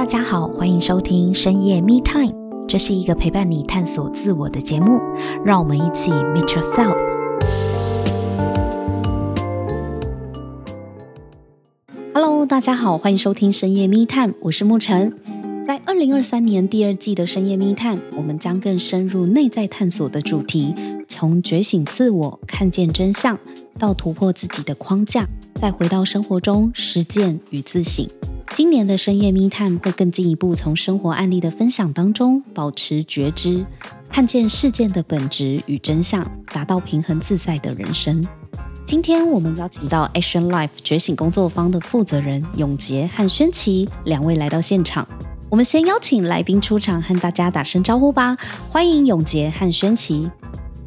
大家好，歡迎收聽深夜 Me Time。這是一個陪伴你探索自我的節目，讓我們一起 meet yourself。Hello，大家好，歡迎收聽深夜 Me Time，我是沐晨。在二零二三年第二季的深夜 Me Time，我們將更深入內在探索的主題，從覺醒自我、看見真相，到突破自己的框架，再回到生活中實踐與自省。今年的深夜密探會更進一步，從生活案例的分享當中保持覺知，看見事件的本質與真相，達到平衡自在的人生。今天我們邀請到 Action Life 覺醒工作坊的負責人詠捷和萱萁兩位來到現場。我們先邀請來賓出場，和大家打聲招呼吧。歡迎詠捷和萱萁。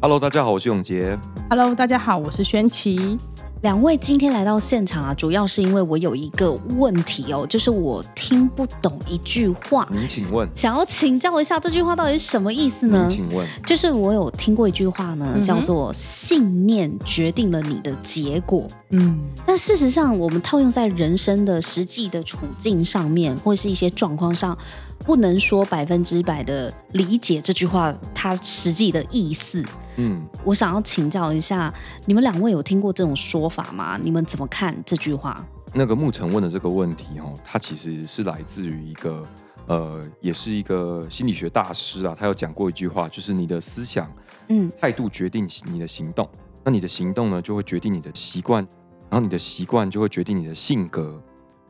Hello，大家好，我是詠捷。Hello，大家好，我是萱萁。兩位今天來到現場啊，主要是因為我有一個問題哦，就是我聽不懂一句話。你請問，想要請教一下這句話到底是什麼意思呢？請問，就是我有聽過一句話呢，嗯、叫做“信念決定了你的結果”。嗯，但事實上，我們套用在人生的實際的處境上面，或是一些狀況上。不能說百分之百的理解這句話，它實際的意思。嗯，我想要請教一下，你們兩位有聽過這種說法嗎？你們怎麼看這句話？那個沐晨問的這個問題，哦，它其實是來自於一個，呃，也是一個心理學大師啊，他有講過一句話，就是你的思想，嗯，態度決定你的行動，那你的行動呢，就會決定你的習慣，然後你的習慣就會決定你的性格，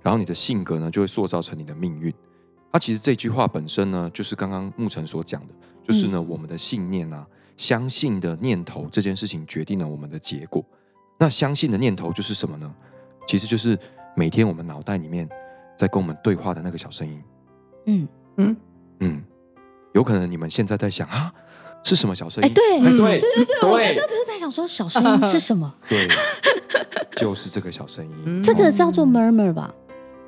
然後你的性格呢，就會塑造成你的命運。那、啊、其實這句話本身呢，就是剛剛木城所講的，就是呢、嗯，我們的信念啊，相信的念頭這件事情決定了我們的結果。那相信的念頭就是什麼呢？其實就是每天我們腦袋裡面在跟我們對話的那個小聲音。嗯嗯嗯，有可能你們現在在想啊，是什麼小聲音？哎、欸，對對對對對，我剛剛就是在想說，小聲音是什麼？對，就是這個小聲音，嗯嗯、這個叫做 murmur 吧。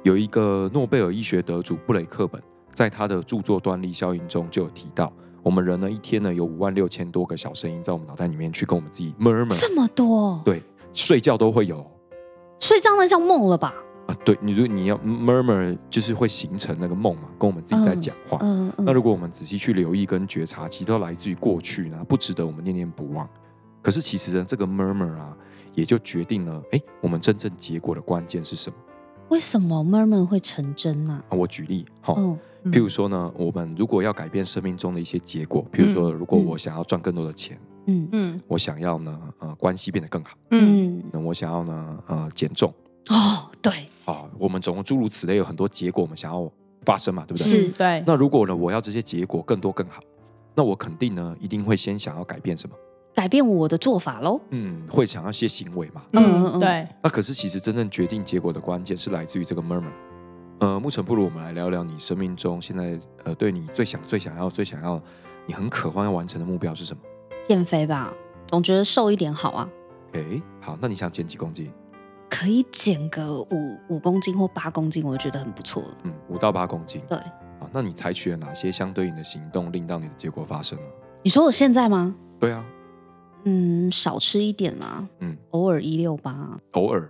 有一個諾貝爾醫學得主布雷克本，在他的著作《端粒效應》中就有提到，我們人呢一天呢有五萬六千多個小聲音在我們腦袋裡面去跟我們自己 murmur，這麼多，對，睡覺都會有，睡覺那叫夢了吧？啊，對，你如你要 murmur 就是會形成那個夢嘛，跟我們自己在講話。嗯嗯嗯。那如果我們仔細去留意跟覺察，其實都來自於過去呢，不值得我們念念不忘。可是其實呢，這個 murmur 啊，也就決定了，哎，我們真正結果的關鍵是什麼？為什麼 murmur 會成真呢？啊，我舉例哈、哦哦，嗯，譬如說呢，我們如果要改變生命中的一些結果，譬如說如果我想要賺更多的錢，嗯嗯，我想要呢，呃，關係變得更好，嗯，嗯，那我想要呢，呃，減重，哦，對，啊、哦，我們總共諸如此類有很多結果，我們想要發生嘛，對不對？是，對。那如果呢，我要這些結果更多更好，那我肯定呢，一定會先想要改變什麼？改變我的做法嘍？嗯，會想要些行為嘛，嗯？嗯，對。那可是其實真正決定結果的關鍵是來自於這個 murmur。呃，沐晨，不如我們來聊聊你生命中現在呃，對你最想、最想要、最想要，你很渴望要完成的目標是什麼？減肥吧，總覺得瘦一點好啊。誒，OK，好，那你想減幾公斤？可以減個五五公斤或八公斤，我就覺得很不錯。嗯，五到八公斤。對。啊，那你採取了哪些相對應的行動，令到你的結果發生呢？你說我現在嗎？對啊。嗯，少吃一點啦。嗯，偶爾一六八，偶爾，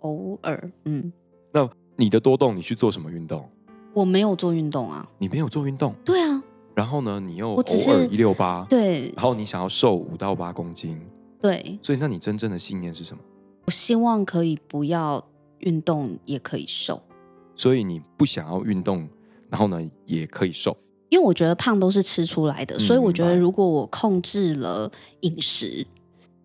偶爾，嗯。那你的多動，你去做什麼運動？我沒有做運動啊。你沒有做運動？對啊。然後呢，你又偶爾一六八，我偶爾一六八，對。然後你想要瘦五到八公斤，對。所以，那你真正的信念是什麼？我希望可以不要運動也可以瘦。所以你不想要運動，然後呢也可以瘦。因為我覺得胖都是吃出來的、嗯，所以我覺得如果我控制了飲食，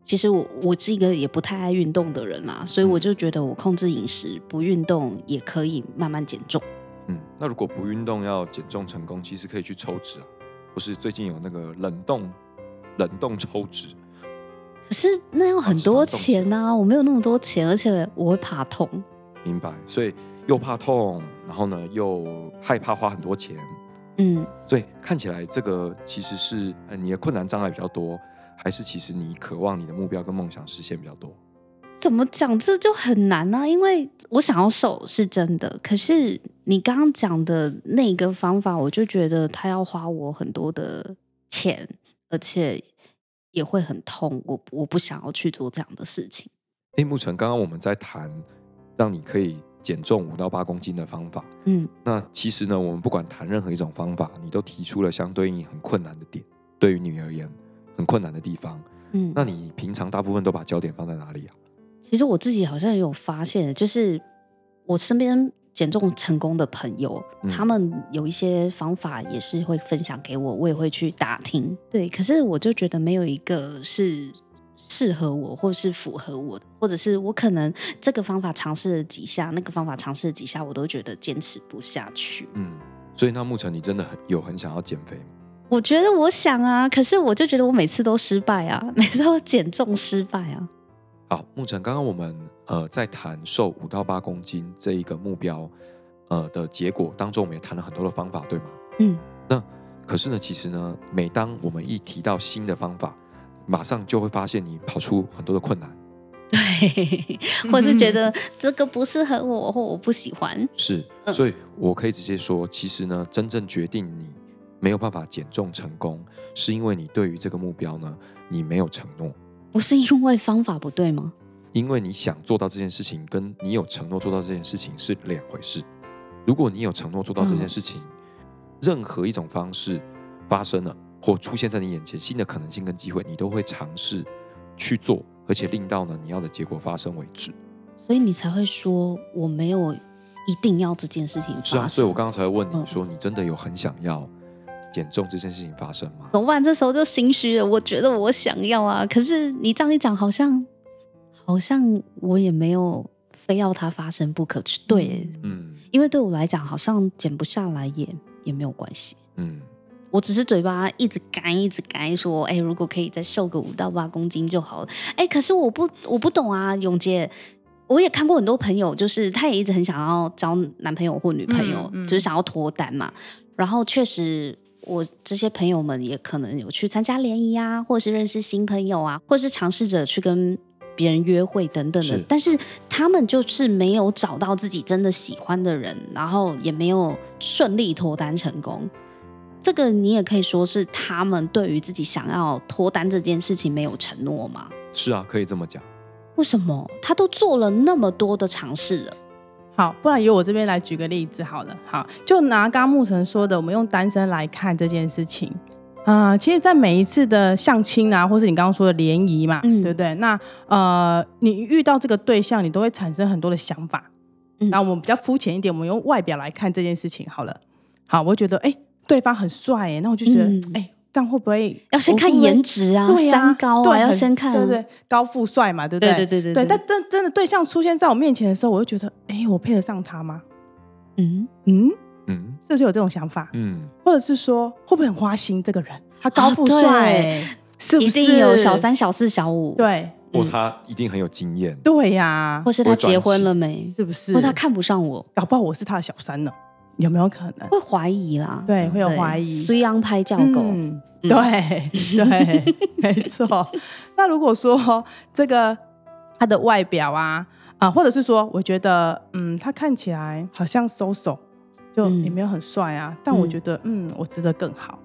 其實我我是一個也不太愛運動的人啦、啊，所以我就覺得我控制飲食不運動也可以慢慢減重。嗯，那如果不運動要減重成功，其實可以去抽脂啊，不是最近有那個冷凍冷凍抽脂，可是那要很多錢吶、啊，我沒有那麼多錢，而且我會怕痛。明白，所以又怕痛，然後呢又害怕花很多錢。嗯，所以看起來這個其實是呃你的困難障礙比較多，還是其實你渴望你的目標跟夢想實現比較多？怎麼講這就很難呢、啊？因為我想要瘦是真的，可是你剛剛講的那個方法，我就覺得他要花我很多的錢，而且也會很痛，我我不想要去做這樣的事情。哎、欸，沐晨，剛剛我們在談，讓你可以。減重五到八公斤的方法，嗯，那其實呢，我們不管談任何一種方法，你都提出了相對應很困難的點，對於你而言很困難的地方，嗯，那你平常大部分都把焦點放在哪裡啊？其實我自己好像也有發現，就是我身邊減重成功的朋友，他們有一些方法也是會分享給我，我也會去打聽，對，可是我就覺得沒有一個是。適合我，或是符合我的，或者是我可能這個方法嘗試了幾下，那個方法嘗試了幾下，我都覺得堅持不下去。嗯，所以那牧晨，你真的很有很想要減肥嗎？我覺得我想啊，可是我就覺得我每次都失敗啊，每次都減重失敗啊。好，牧晨，剛剛我們呃在談瘦五到八公斤這一個目標呃的結果當中，我們也談了很多的方法，對嗎？嗯。那可是呢，其實呢，每當我們一提到新的方法，馬上就會發現你跑出很多的困難，對，或者是覺得這個不適合我，嗯，或我不喜歡。是，所以我可以直接說，其實呢，真正決定你沒有辦法減重成功，是因為你對於這個目標呢，你沒有承諾。不是因為方法不對嗎？因為你想做到這件事情，跟你有承諾做到這件事情是兩回事。如果你有承諾做到這件事情，嗯、任何一種方式發生了。或出現在你眼前新的可能性跟機會，你都會嘗試去做，而且令到呢你要的結果發生為止。所以你才會說，我沒有一定要這件事情發生。是啊，所以我剛剛才問你說，嗯，你真的有很想要減重這件事情發生嗎？怎麼辦？這時候就心虛了。我覺得我想要啊，可是你這樣一講，好像好像我也沒有非要它發生不可。對，嗯，因為對我來講，好像減不下來也也沒有關係。嗯。我只是嘴巴一直幹一直幹，說哎、欸，如果可以再瘦個五到八公斤就好了。哎、欸，可是我不我不懂啊，詠捷，我也看過很多朋友，就是他也一直很想要找男朋友或女朋友，嗯嗯、就是想要脫單嘛。然後確實，我這些朋友們也可能有去參加聯誼啊，或是認識新朋友啊，或是嘗試着去跟別人約會等等的。但是他們就是沒有找到自己真的喜歡的人，然後也沒有順利脫單成功。這個你也可以說是他們對於自己想要脫單這件事情沒有承諾嗎？是啊，可以這麼講。為什麼他都做了那麼多的嘗試了？好，不然由我這邊來舉個例子好了。好，就拿剛剛木成說的，我們用單身來看這件事情啊、呃。其實，在每一次的相親啊，或是你剛剛說的聯誼嘛、嗯，對不對？那呃，你遇到這個對象，你都會產生很多的想法。嗯、那我們比較膚淺一點，我們用外表來看這件事情好了。好，我覺得哎。對方很帥哎、欸，那我就覺得哎，但、嗯欸、會不會要先看顏值啊，會啊？三高、啊、對，要先看、啊、對不對，對？高富帥嘛，對不對？對對對對，對，對但但真，真的對象出現在我面前的時候，我就覺得哎、欸，我配得上他嗎？嗯嗯嗯，是不是有這種想法？嗯，或者是說會不會很花心？這個人他高富帥、欸哦欸，是不是一定有小三、小四、小五？對，或、嗯、他一定很有經驗？對呀、啊，或是他結婚了沒？是不是？或他看不上我？搞不好我是他的小三呢？有沒有可能會懷疑啦？對，會有懷疑。隨洋拍教狗，對對， 沒錯。那如果說這個他的外表啊啊，或者是說，我覺得嗯，他看起來好像 so so 就也沒有很帥啊、嗯，但我覺得嗯，我值得更好，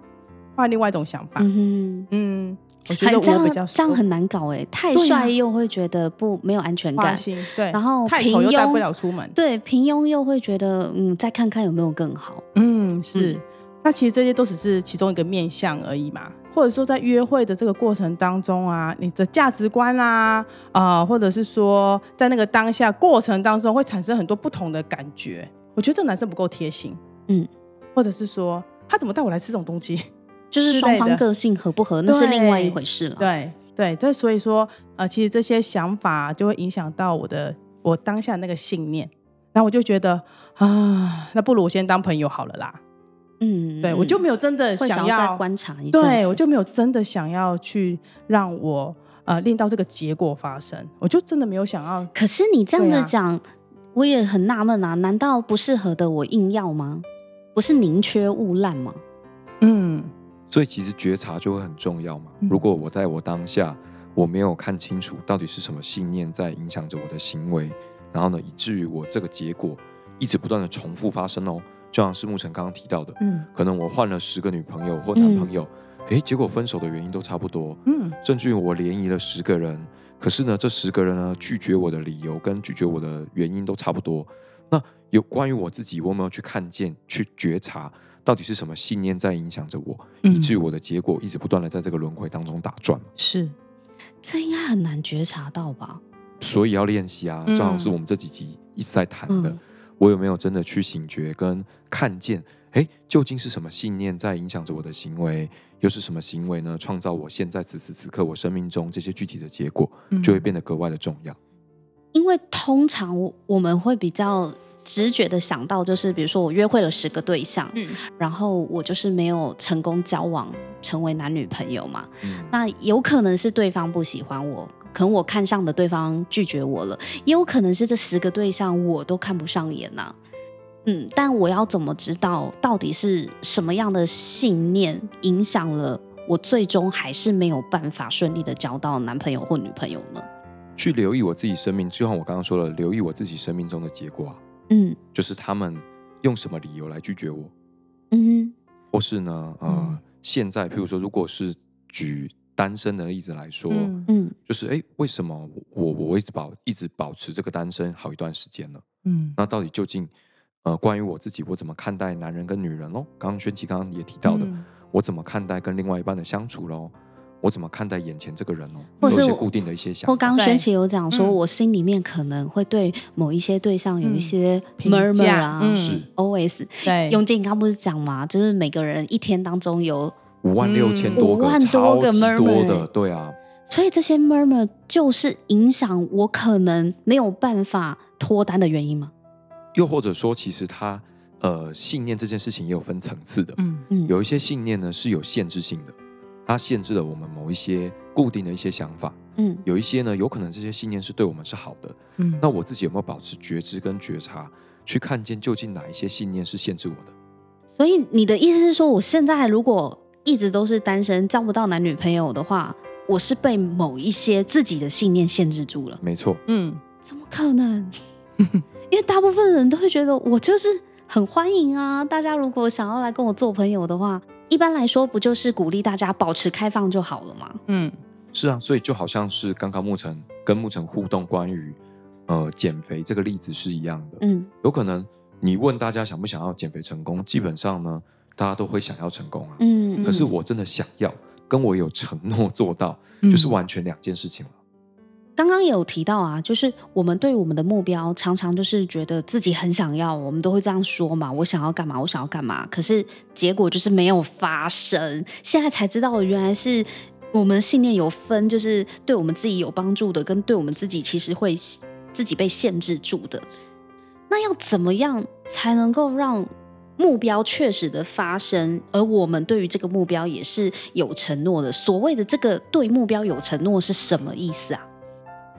換另外一種想法。嗯嗯。我覺得我比較，這樣這樣很難搞哎、欸，太帥、啊、又會覺得不沒有安全感，對，然後太醜又帶不了出門，對，平庸又會覺得嗯，再看看有沒有更好，嗯，是。嗯、那其實這些都只是其中一個面向而已嘛，或者說在約會的這個過程當中啊，你的價值觀啊啊、呃，或者是說在那個當下過程當中會產生很多不同的感覺。我覺得這男生不夠貼心，嗯，或者是說他怎麼帶我來吃這種東西？就是雙方個性合不合，那是另外一回事了。對對，這所以說，呃，其實這些想法就會影響到我的我當下那個信念，那我就覺得啊，那不如我先當朋友好了啦。嗯，對我就沒有真的想要，想要再觀察一下，對我就沒有真的想要去讓我呃令到這個結果發生，我就真的沒有想要。可是你這樣子講，啊、我也很納悶啊，難道不適合的我硬要嗎？不是寧缺毋濫嗎？嗯。所以其實覺察就會很重要嘛。如果我在我當下，我沒有看清楚到底是什麼信念在影響着我的行為，然後呢，以至於我這個結果一直不斷地重複發生哦。就像是木城剛剛提到的，嗯，可能我換了十個女朋友或男朋友，哎，嗯，結果分手的原因都差不多。嗯，甚至於我聯誼了十個人，可是呢，這十個人呢拒絕我的理由跟拒絕我的原因都差不多。那有關於我自己，我有沒有去看見、去覺察？到底是什麼信念在影響着我，以至於我的結果一直不斷的在這個輪迴當中打轉，嗯？是，這應該很難覺察到吧？所以要練習啊，正、嗯、好是我們這幾集一直在談的，嗯、我有沒有真的去醒覺跟看見？哎，究竟是什麼信念在影響着我的行為？又是什麼行為呢？創造我現在此時此，此刻我生命中這些具體的結果，嗯，就會變得格外的重要。因為通常我們會比較。直覺的想到，就是比如說我約會了十個對象，嗯，然後我就是沒有成功交往，成為男女朋友嘛，嗯，那有可能是對方不喜歡我，可能我看上的對方拒絕我了，也有可能是這十個對象我都看不上眼吶，啊，嗯，但我要怎麼知道到底是什麼樣的信念影響了我最終還是沒有辦法順利的交到男朋友或女朋友呢？去留意我自己生命，就像我剛剛說了，留意我自己生命中的結果。嗯，就是他們用什麼理由來拒絕我？嗯，或是呢？呃，嗯、現在，譬如說，如果是舉單身的例子來說，嗯，嗯就是哎，為什麼我我一直保一直保持這個單身好一段時間呢？嗯，那到底究竟呃，關於我自己，我怎麼看待男人跟女人嘍？剛剛萱萁剛剛也提到的、嗯，我怎麼看待跟另外一半的相處嘍？我怎麼看待眼前這個人哦？或者是固定的一些想法。我剛剛萱萁有講說，我心裡面可能會對某一些對象有一些 murmur、嗯、啊，啊嗯、是 always。對，詠捷，你剛不是講嘛，就是每個人一天當中有五萬六千多個，五萬多個 murmur 超多的，對啊。所以這些 murmur 就是影響我可能沒有辦法脫單的原因嗎？嗯嗯、又或者說，其實他呃，信念這件事情也有分層次的，嗯嗯，有一些信念呢是有限制性的。它限制了我們某一些固定的一些想法，嗯，有一些呢，有可能這些信念是對我們是好的，嗯。那我自己有沒有保持覺知跟覺察，去看見究竟哪一些信念是限制我的？所以你的意思是說，我現在如果一直都是單身，交不到男女朋友的話，我是被某一些自己的信念限制住了？沒錯，嗯，怎麼可能？ 因為大部分人都會覺得我就是很歡迎啊，大家如果想要來跟我做朋友的話。一般來說，不就是鼓勵大家保持開放就好了嗎？嗯，是啊，所以就好像是剛剛沐晨跟沐晨互動關於呃減肥這個例子是一樣的。嗯，有可能你問大家想不想要減肥成功，基本上呢，大家都會想要成功啊。嗯，嗯，可是我真的想要跟我有承諾做到，就是完全兩件事情了。嗯嗯剛剛也有提到啊，就是我們對我們的目標，常常就是覺得自己很想要，我們都會這樣說嘛，我想要幹嘛，我想要幹嘛。可是結果就是沒有發生，現在才知道原來是我們信念有分，就是對我們自己有幫助的，跟對我們自己其實會自己被限制住的。那要怎麼樣才能夠讓目標確實的發生，而我們對於這個目標也是有承諾的。所謂的這個對目標有承諾是什麼意思啊？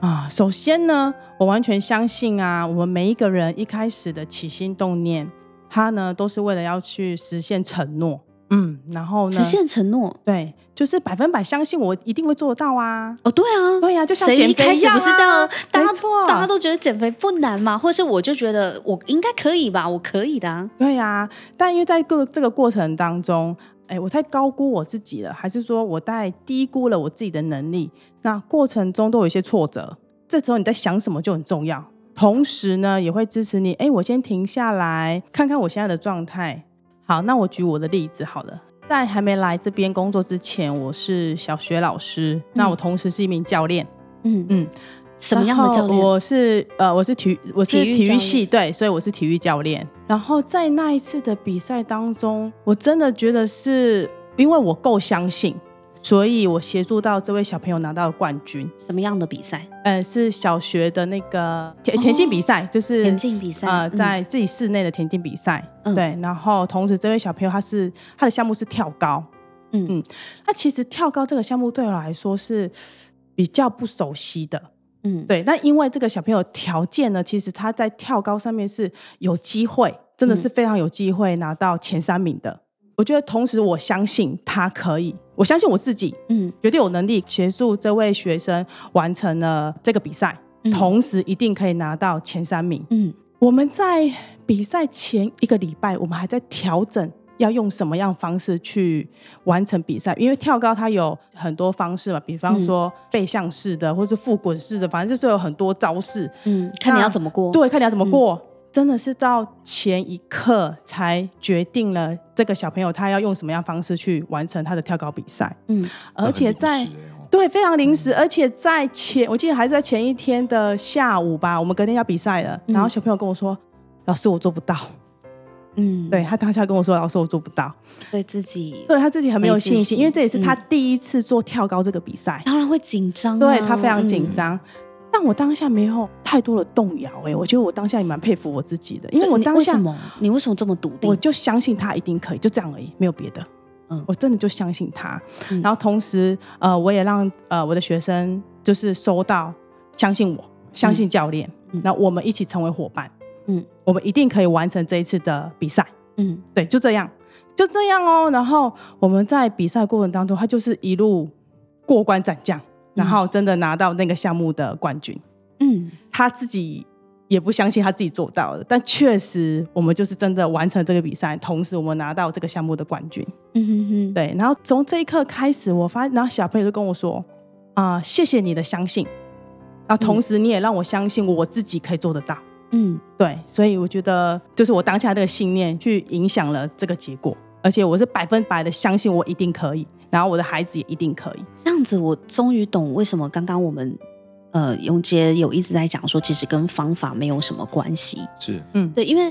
啊，首先呢，我完全相信啊，我們每一個人一開始的起心動念，他呢都是為了要去實現承諾，嗯，然後呢，實現承諾，對，就是百分百相信我一定會做得到啊。哦，對啊，對啊，就像減肥一樣啊，不是這樣，大家，沒錯，大家都覺得減肥不難嘛，或是我就覺得我應該可以吧，我可以的啊。對啊，但因為在各這個過程當中。哎，我太高估我自己了，還是說我太低估了我自己的能力？那過程中都有一些挫折，這時候你在想什麼就很重要。同時呢，也會支持你。哎，我先停下來看看我現在的狀態。好，那我舉我的例子好了。在還沒來這邊工作之前，我是小學老師，嗯、那我同時是一名教練。嗯嗯。嗯什麼樣的教練？我是呃，我是體我是體育系體育對，所以我是體育教練。然後在那一次的比賽當中，我真的覺得是因為我夠相信，所以我協助到這位小朋友拿到了冠軍。什麼樣的比賽？呃，是小學的那個田、哦就是、田徑比賽，就是田徑比賽呃，在自己室內的田徑比賽。嗯、對。然後同時，這位小朋友他是他的項目是跳高。嗯嗯。他其實跳高這個項目對我來說是比較不熟悉的。嗯，對，那因為這個小朋友條件呢，其實他在跳高上面是有機會，真的是非常有機會拿到前三名的。嗯，我覺得，同時我相信他可以，我相信我自己，嗯，絕對有能力協助這位學生完成了這個比賽，嗯，同時一定可以拿到前三名。嗯，我們在比賽前一個禮拜，我們還在調整。要用什麼樣方式去完成比賽？因為跳高它有很多方式嘛，比方說背向式的，或者是腹滾式的，反正就是有很多招式。嗯，看你要怎麼過。對，看你要怎麼過、嗯，真的是到前一刻才決定了這個小朋友他要用什麼樣方式去完成他的跳高比賽。嗯，而且在、欸哦、對非常臨時、嗯，而且在前我記得還是在前一天的下午吧，我們隔天要比賽了、嗯，然後小朋友跟我說：“老師，我做不到。”嗯，對，他當下跟我說：“老師，我做不到。對”對自己，對他自己很沒有信心信，因為這也是他第一次做跳高這個比賽、嗯，當然會緊張、啊。對，他非常緊張、嗯，但我當下沒有太多的動搖。哎，我覺得我當下也蠻佩服我自己的，因為我當下，你為什麼這麼篤定？我就相信他一定可以，就這樣而已，沒有別的。嗯，我真的就相信他。然後同時，呃，我也讓呃我的學生就是收到，相信我，相信教練，那、嗯嗯、我們一起成為夥伴。嗯，我們一定可以完成這一次的比賽。嗯，對，就這樣，就這樣哦。然後我們在比賽過程當中，他就是一路過關斬將，然後真的拿到那個項目的冠軍。嗯，他自己也不相信他自己做到的，嗯，但確實我們就是真的完成這個比賽，同時我們拿到這個項目的冠軍。嗯哼哼，對。然後從這一刻開始，我發，然後小朋友就跟我說：“啊，謝謝你的相信。然後同時，你也讓我相信我自己可以做得到。”嗯嗯，對，所以我覺得就是我當下這個信念去影響了這個結果，而且我是百分百的相信我一定可以，然後我的孩子也一定可以。這樣子，我終於懂為什麼剛剛我們。呃，詠捷有一直在講說，其實跟方法沒有什麼關係。是，嗯，對，因為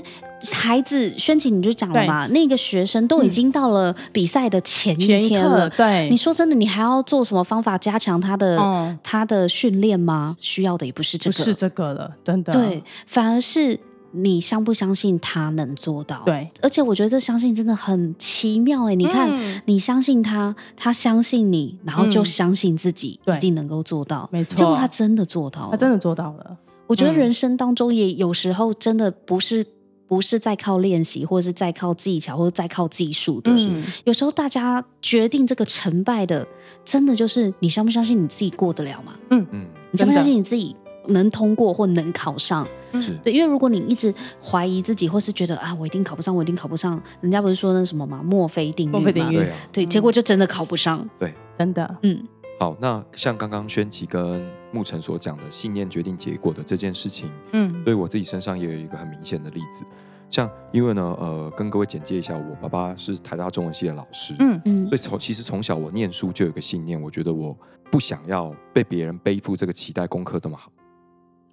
孩子，萱萁，你就講了嘛。那個學生都已經到了比賽的前一天了一。對，你說真的，你還要做什麼方法加強他的、嗯、他的訓練嗎？需要的也不是這個，不是這個了，真的。對，反而是。你相不相信他能做到？對，而且我覺得這相信真的很奇妙哎、欸嗯！你看，你相信他，他相信你，然後就相信自己一定能夠做到。嗯、沒錯，結果他真的做到了，他真的做到了。我覺得人生當中也有時候真的不是、嗯、不是在靠練習，或者是在靠技巧，或者在靠技術的、嗯。有時候大家決定這個成敗的，真的就是你相不相信你自己過得了嗎？嗯嗯，你相不相信你自己？嗯能通過或能考上。嗯，對，因為如果你一直懷疑自己，或是覺得啊，我一定考不上，我一定考不上，人家不是說那什麼嗎？墨菲定律，墨菲定律對啊，嗯，對，結果就真的考不上，對，真的，嗯。好，那像剛剛萱萁跟木晨所講的，信念決定結果的這件事情，嗯，所以我自己身上也有一個很明顯的例子，像因為呢，呃，跟各位簡介一下，我爸爸是台大中文系的老師，嗯嗯，所以從其實從小我念書就有個信念，我覺得我不想要被別人背負這個期待，功課那麼好。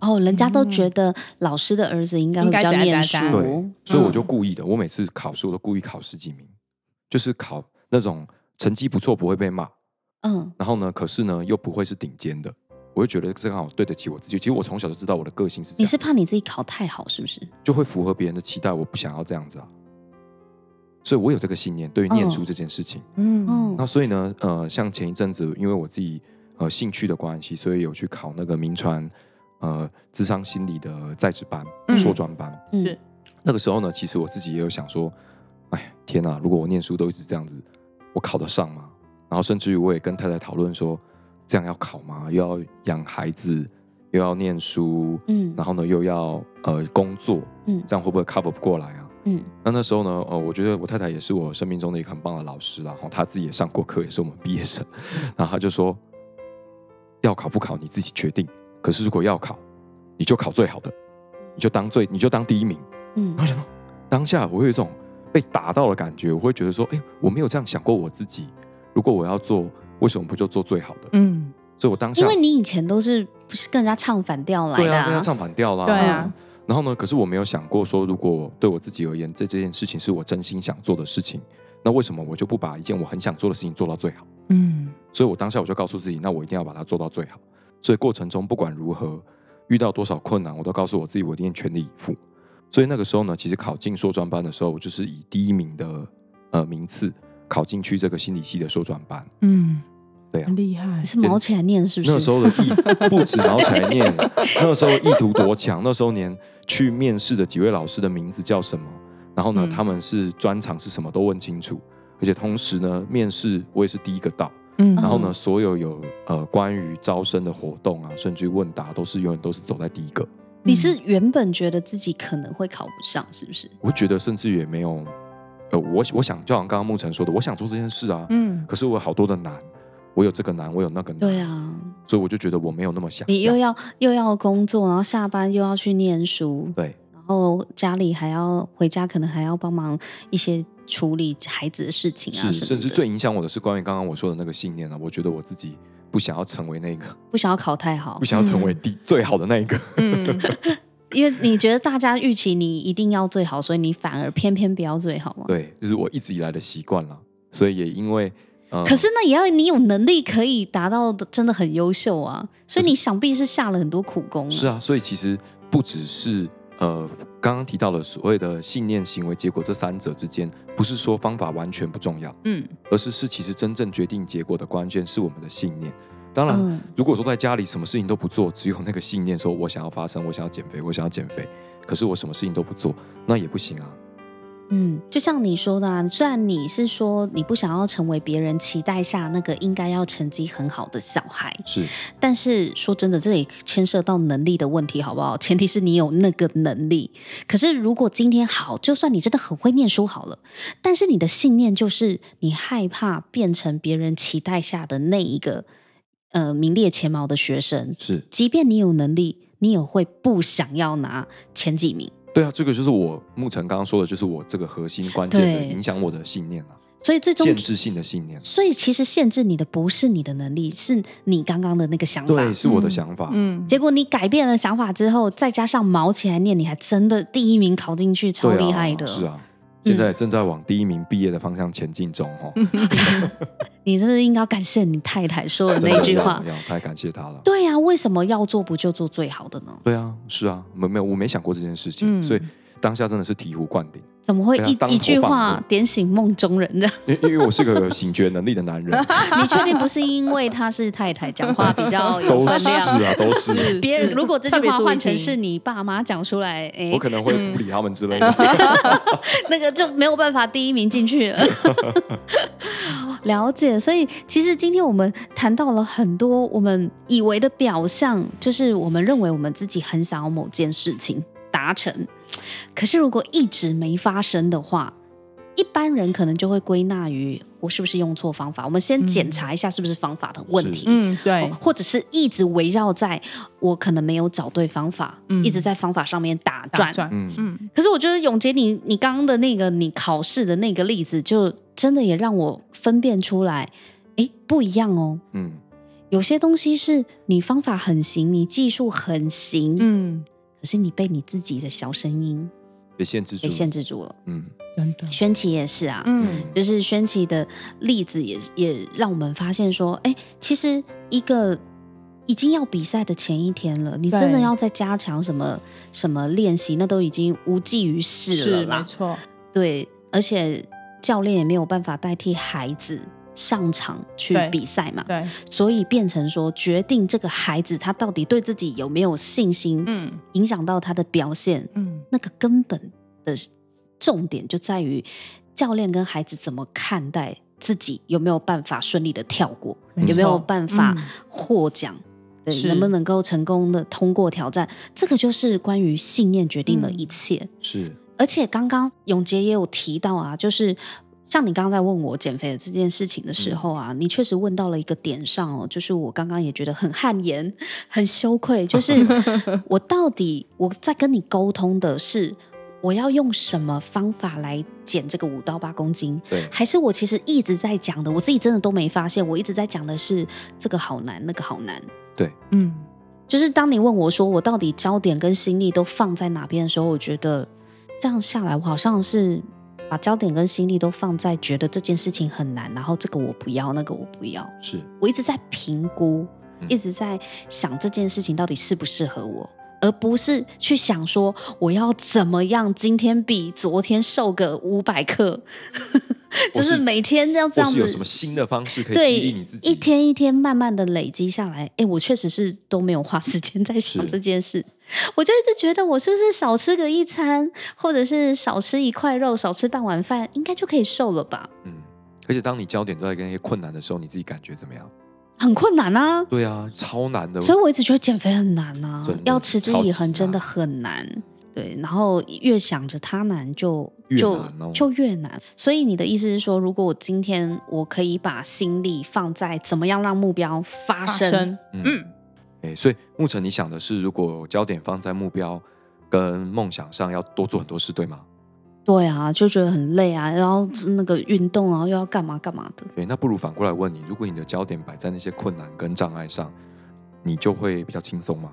哦，人家都覺得老師的兒子應該會比較念書，加加加加，對，嗯、所以我就故意的，我每次考試我都故意考十幾名，嗯，就是考那種成績不錯，不會被罵，嗯，然後呢，可是呢又不會是頂尖的，我就覺得這樣好對得起我自己。其實我從小就知道我的個性是這樣，你是怕你自己考太好是不是？就會符合別人的期待，我不想要這樣子啊，所以我有這個信念，對於念書這件事情，哦、嗯，那所以呢，呃，像前一陣子因為我自己呃興趣的關係，所以有去考那個銘傳。呃，諮商心理的在職班、碩、嗯、專班，是，那個時候呢，其實我自己也有想說，哎，天哪！如果我念書都一直這樣子，我考得上嗎？然後甚至於我也跟太太討論說，這樣要考嗎？又要養孩子，又要念書，嗯，然後呢，又要呃工作，嗯，這樣會不會 cover 不過來啊？嗯，那那時候呢，呃，我覺得我太太也是我生命中的一個很棒的老師啦，然後她自己也上過課，也是我們畢業生、嗯，然後她就說，要考不考你自己決定。可是，如果要考，你就考最好的，你就當最，你就當第一名。嗯，然後想到當下，我會有一種被打到的感覺，我會覺得說，哎、欸，我沒有這樣想過我自己。如果我要做，為什麼不就做最好的？嗯，所以我當下，因為你以前都是不是跟人家唱反調來的、啊對啊，跟人家唱反調啦。對啊。然後呢？可是我沒有想過說，如果對我自己而言，這這件事情是我真心想做的事情，那為什麼我就不把一件我很想做的事情做到最好？嗯，所以我當下我就告訴自己，那我一定要把它做到最好。所以過程中不管如何，遇到多少困難，我都告訴我自己，我一定全力以赴。所以那個時候呢，其實考進碩專班的時候，我就是以第一名的呃名次考進去這個心理系的碩專班。嗯，對呀、啊，很厲害，是卯起來念是不是？那時候的意 不止卯起來念， 那時候意圖多強。那時候連去面試的幾位老師的名字叫什麼，然後呢，嗯、他們是專長是什麼都問清楚，而且同時呢，面試我也是第一個到。嗯，然後呢，所有有呃關於招生的活動啊，甚至問答，都是永遠都是走在第一個，嗯嗯。你是原本覺得自己可能會考不上，是不是？我覺得甚至也沒有，呃，我我想，就像剛剛沐橙說的，我想做這件事啊，嗯，可是我有好多的難，我有這個難，我有那個難，對啊，所以我就覺得我沒有那麼想。你又要又要工作，然後下班又要去念書，對。然後家裡還要回家，可能還要幫忙一些處理孩子的事情啊。是，甚至最影響我的是關於剛剛我說的那個信念呢、啊。我覺得我自己不想要成為那個，不想要考太好，不想要成為第最好的那一個。嗯、 因為你覺得大家預期你一定要最好，所以你反而偏偏不要最好嗎？對，就是我一直以來的習慣了、啊。所以也因為，嗯、可是那也要你有能力可以達到，真的很優秀啊。所以你想必是下了很多苦功、啊是。是啊，所以其實不只是。呃，剛剛提到的所謂的信念、行為、結果這三者之間，不是說方法完全不重要，嗯，而是是其實真正決定結果的關鍵是我們的信念。當然，嗯，如果說在家裡什麼事情都不做，只有那個信念說“我想要發生，我想要減肥，我想要減肥”，可是我什麼事情都不做，那也不行啊。嗯，就像你說的，啊，雖然你是說你不想要成為別人期待下那個應該要成績很好的小孩，是，但是說真的，這也牽涉到能力的問題，好不好？前提是你有那個能力。可是如果今天好，就算你真的很會念書好了，但是你的信念就是你害怕變成別人期待下的那一個，呃，名列前茅的學生，是，即便你有能力，你也會不想要拿前幾名。對啊，這個就是我 murmur 剛剛說的，就是我這個核心關鍵的影響我的信念，啊、所以，最終限制性的信念，啊。所以，其實限制你的不是你的能力，是你剛剛的那個想法。對，是我的想法。嗯，嗯，結果你改變了想法之後，再加上卯起來唸，你還真的第一名考進去，超厲害的。啊是啊。現在正在往第一名畢業的方向前進中，哦！你是不是應該感謝你太太說的那句話？ 真的要， 要太感謝她了。對呀、啊，為什麼要做不就做最好的呢？對啊，是啊，沒沒有，我沒想過這件事情，嗯、所以。當下真的是醍醐灌頂，怎麼會一一句話點醒夢中人呢？因為因為我是個醒覺能力的男人。 你確定不是因為他是太太講話比較有力量？都是啊，都是。別如果這句話換成是你爸媽講出來，欸，我可能會不理他們之類的。嗯、 那個就沒有辦法第一名進去了。 了解，所以其實今天我們談到了很多我們以為的表象，就是我們認為我們自己很想要某件事情達成。可是，如果一直沒發生的話，一般人可能就會歸納於我是不是用錯方法？我們先檢查一下是不是方法的問題。嗯，對。或者是一直圍繞在我可能沒有找對方法，嗯、一直在方法上面打轉。嗯嗯。可是，我覺得詠捷，你你剛剛的那個你考試的那個例子，就真的也讓我分辨出來，哎，不一樣哦。嗯。有些東西是你方法很行，你技術很行。嗯。是你被你自己的小聲音被限制住了，被限制住了。嗯，真的，萱萁也是啊。嗯，就是萱萁的例子也也讓我們發現說，哎，其實一個已經要比賽的前一天了，你真的要再加強什麼什麼練習，那都已經無濟於事了，是沒錯，對，而且教練也沒有辦法代替孩子上場去比賽嘛，所以變成說，決定這個孩子他到底對自己有沒有信心，影響到他的表現。嗯，那個根本的重點就在於教練跟孩子怎麼看待自己，有沒有辦法順利的跳過，有沒有辦法獲獎、嗯對，能不能夠成功的通過挑戰。這個就是關於信念決定的一切。嗯、是，而且剛剛詠捷也有提到啊，就是。像你剛剛在問我減肥的這件事情的時候啊，嗯，你確實問到了一個點上哦，就是我剛剛也覺得很汗顏、很羞愧，就是我到底我在跟你溝通的是我要用什麼方法來減這個五到八公斤，對，還是我其實一直在講的，我自己真的都沒發現，我一直在講的是這個好難，那個好難，對，嗯，就是當你問我說我到底焦點跟心力都放在哪邊的時候，我覺得這樣下來我好像是。把焦點跟心力都放在覺得這件事情很難，然後這個我不要，那個我不要，是我一直在評估、嗯，一直在想這件事情到底適不適合我，而不是去想說我要怎麼樣今天比昨天瘦個五百克。 是就是每天這樣這樣子，有什麼新的方式可以激勵你自己？對，一天一天慢慢的累積下來，哎、欸，我確實是都沒有花時間在想這件事。我就一直覺得，我是不是少吃個一餐，或者是少吃一塊肉，少吃半碗飯，應該就可以瘦了吧？嗯。而且當你焦點都在跟一些困難的時候，你自己感覺怎麼樣？很困難啊。對啊，超難的。所以我一直覺得減肥很難啊，要持之以恆，真的很難。對，然後越想着他難就越難、哦、就、就越難，所以你的意思是說，如果我今天我可以把心力放在怎麼樣讓目標發生，發生嗯，誒、嗯欸，所以牧塵你想的是，如果焦點放在目標跟夢想上，要多做很多事，對嗎？對啊，就覺得很累啊，然後那個運動，然後又要幹嘛幹嘛的，誒、欸，那不如反過來問你，如果你的焦點擺在那些困難跟障礙上，你就會比較輕鬆嗎？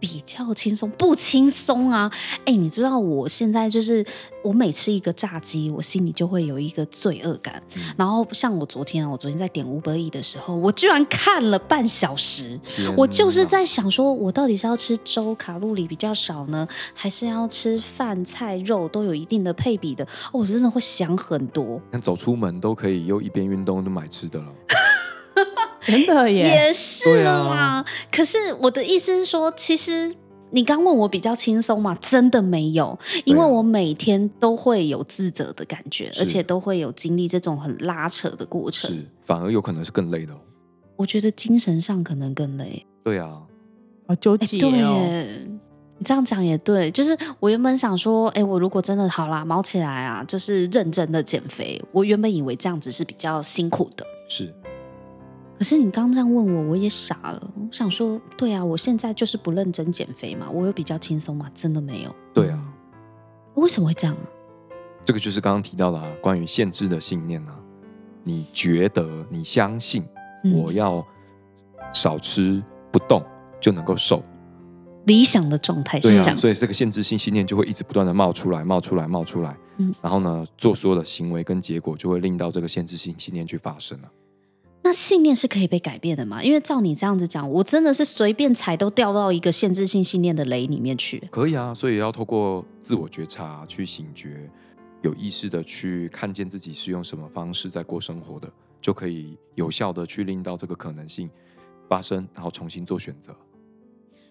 比較輕鬆不輕鬆啊？哎、欸，你知道我現在就是，我每吃一個炸雞，我心裡就會有一個罪惡感、嗯。然後像我昨天啊，我昨天在點 Uber Eats 的時候，我居然看了半小時，我就是在想說，我到底是要吃粥、卡路里比較少呢，還是要吃飯菜肉都有一定的配比的？我真的會想很多。那走出門都可以又一邊運動又買吃的了。真的耶，也是嗎、啊？可是我的意思是說，其實你剛問我比較輕鬆嘛？真的沒有，因為我每天都會有自責的感覺，啊、而且都會有經歷這種很拉扯的過程是。是，反而有可能是更累的。我覺得精神上可能更累。對啊，啊，糾結。對耶、嗯，你這樣講也對。就是我原本想說，哎、欸，我如果真的好啦，卯起來啊，就是認真的減肥。我原本以為這樣子是比較辛苦的。是。可是你剛剛這樣問我，我也傻了。我想說，對啊，我現在就是不認真減肥嘛，我有比較輕鬆嘛，真的沒有。對啊，為什麼會這樣啊？這個就是剛剛提到的啊，關於限制的信念啊。你覺得，你相信我要少吃不動就能夠瘦，理想的狀態是這樣，所以這個限制性信念就會一直不斷的冒出來、冒出來、冒出來、嗯。然後呢，做所有的行為跟結果就會令到這個限制性信念去發生了啊。那信念是可以被改變的嗎？因為照你這樣子講，我真的是隨便踩都掉到一個限制性信念的雷裡面去。可以啊，所以要透過自我覺察去醒覺，有意識的去看見自己是用什麼方式在過生活的，就可以有效的去令到這個可能性發生，然後重新做選擇。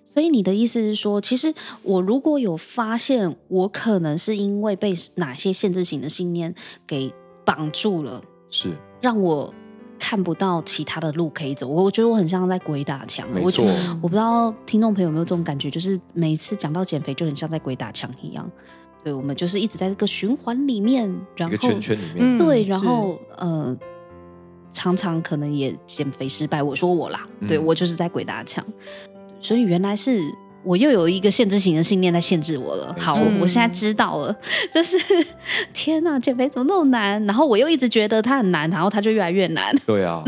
所以你的意思是說，其實我如果有發現，我可能是因為被哪些限制性的信念給綁住了，是讓我。看不到其他的路可以走，我我覺得我很像在鬼打牆。沒錯，我覺得，我不知道聽眾朋友有沒有這種感覺，就是每次講到減肥，就很像在鬼打牆一樣。對，我們就是一直在這個循環裡面，然後圈圈裡面。嗯、對，然後呃，常常可能也減肥失敗。我說我啦，對、嗯、我就是在鬼打牆，所以原來是。我又有一個限制性的信念在限制我了。好，我現在知道了，就、嗯、是天哪、啊，減肥怎麼那麼難？然後我又一直覺得它很難，然後它就越來越難。對啊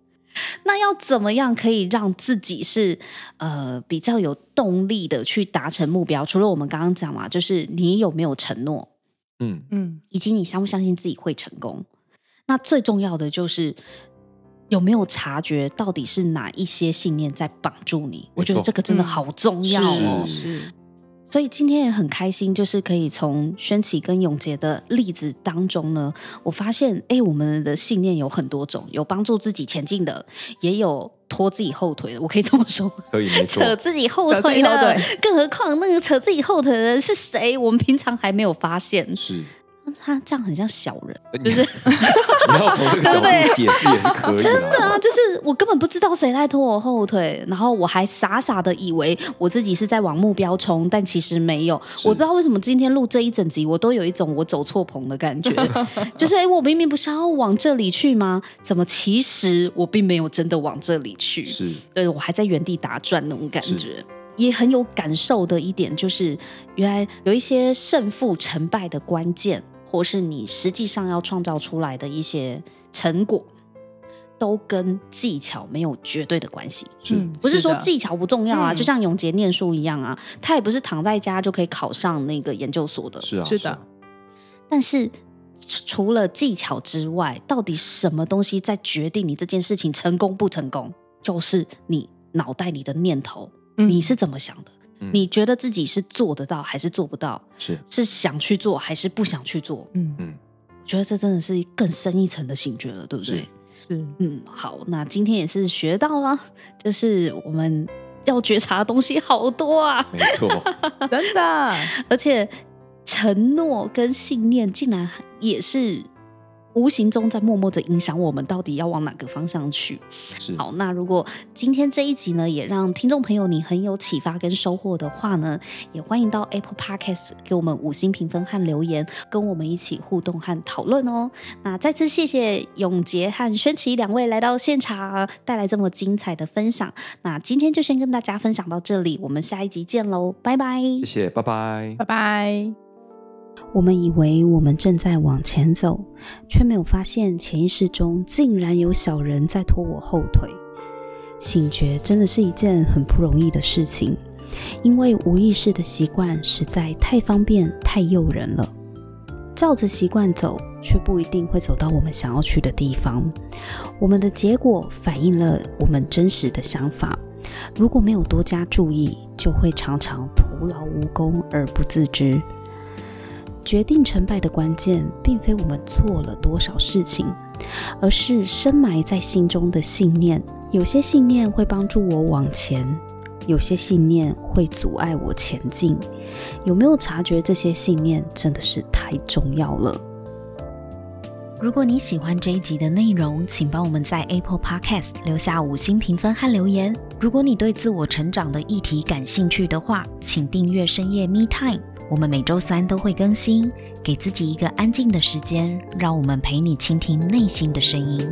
。那要怎麼樣可以讓自己是呃比較有動力的去達成目標？除了我們剛剛講嘛，就是你有沒有承諾？嗯嗯。以及你相不相信自己會成功？那最重要的就是。有沒有察覺到底是哪一些信念在綁住你？我，我覺得這個真的好重要哦。嗯、是、是。所以今天也很開心，就是可以從萱萁跟詠捷的例子當中呢，我發現，誒，我們的信念有很多種，有幫助自己前進的，也有拖自己後腿的。我可以這麼說，可以，扯自己後腿的。腿。更何況那個扯自己後腿的人是誰？我們平常還沒有發現。是。他這樣很像小人，就是你要從這個角度解釋也是可以。 真的啊，就是我根本不知道誰在拖我後腿，然後我還傻傻的以為我自己是在往目標衝，但其實沒有。我不知道為什麼今天錄這一整集，我都有一種我走錯棚的感覺。 就是哎、欸，我明明不是要往這裡去嗎？怎麼其實我並沒有真的往這裡去？是，對，我還在原地打轉那種感覺，也很有感受的一點就是，原來有一些勝負成敗的關鍵，或是你實際上要創造出來的一些成果，都跟技巧沒有絕對的關係。嗯，不是說技巧不重要啊，就像詠捷念書一樣啊，他也不是躺在家就可以考上那個研究所的。是啊，是的。但是除了技巧之外，到底什麼東西在決定你這件事情成功不成功？就是你腦袋裡的念頭，嗯、你是怎麼想的？嗯、你覺得自己是做得到還是做不到？是是想去做還是不想去做？嗯嗯，我覺得這真的是更深一層的醒覺了，對不對？是，是嗯，好，那今天也是學到了，啊，就是我們要覺察的東西好多啊，沒錯， 真的， 而且承諾跟信念竟然也是。無形中在默默的影響我們，到底要往哪個方向去。是。好，那如果今天這一集呢，也讓聽眾朋友你很有啟發跟收穫的話呢，也歡迎到 Apple Podcast 給我們五星評分和留言，跟我們一起互動和討論哦。那再次謝謝詠捷和萱萁兩位來到現場，帶來這麼精彩的分享。那今天就先跟大家分享到這裡，我們下一集見嘍，拜拜！謝謝，拜拜，拜拜。我們以為我們正在往前走，卻沒有發現潛意識中竟然有小人在拖我後腿。醒覺真的是一件很不容易的事情，因為無意識的習慣實在太方便、太誘人了。照着習慣走，卻不一定會走到我們想要去的地方。我們的結果反映了我們真實的想法，如果沒有多加注意，就會常常徒勞無功而不自知。決定成敗的關鍵，並非我們做了多少事情，而是深埋在心中的信念。有些信念會幫助我往前，有些信念會阻礙我前進。有沒有察覺這些信念，真的是太重要了。如果你喜歡這一集的內容，請幫我們在 Apple Podcast 留下五星評分和留言。如果你對自我成長的議題感興趣的話，請訂閱深夜 Me Time。我們每周三都會更新，給自己一個安靜的時間，讓我們陪你傾聽內心的聲音。